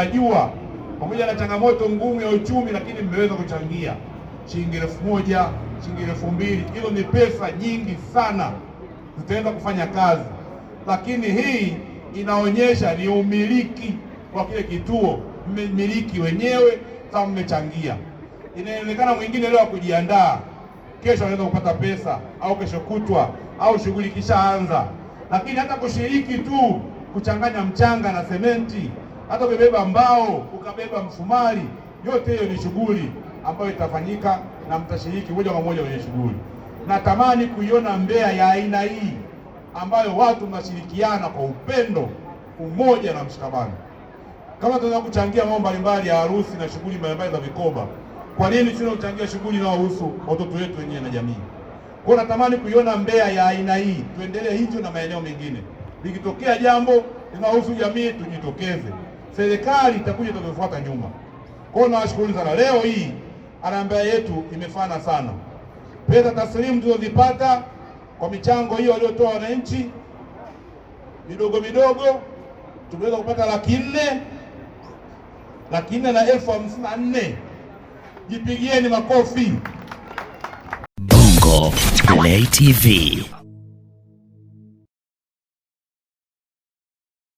Najua pamoja na changamoto ngumu ya uchumi, lakini mmeweza kuchangia shilingi elfu moja shilingi elfu mbili Hizo ni pesa nyingi sana, zitaenda kufanya kazi, lakini hii inaonyesha ni umiliki wa kile kituo, mmiliki wenyewe kama mmechangia. Inaonekana mwingine leo kujiandaa, kesho anaweza kupata pesa au kesho kutwa au shughuli kishaanza, lakini hata kushiriki tu kuchanganya mchanga na sementi hata umebeba mbao ukabeba msumari, yote hiyo ni shughuli ambayo itafanyika na mtashiriki moja kwa moja kwenye shughuli. Natamani kuiona Mbeya ya aina hii ambayo watu mnashirikiana kwa upendo, umoja na mshikamano. Kama tunaweza kuchangia mambo mbalimbali ya harusi na shughuli mbalimbali za vikoba, kwa nini sio kuchangia shughuli inayohusu watoto wetu wenyewe na jamii? Kwa natamani kuiona Mbeya ya aina hii, tuendelee hicho na maeneo mengine. Likitokea jambo linalohusu jamii, tujitokeze serikali itakuja tutafuata nyuma. Kwa hiyo nawashukuru sana. Leo hii harambee yetu imefana sana, pesa taslimu tulizozipata kwa michango hiyo waliotoa wananchi midogo midogo, tumeweza kupata laki nne laki nne na elfu hamsini na nne. Jipigieni makofi. Bongo Play TV.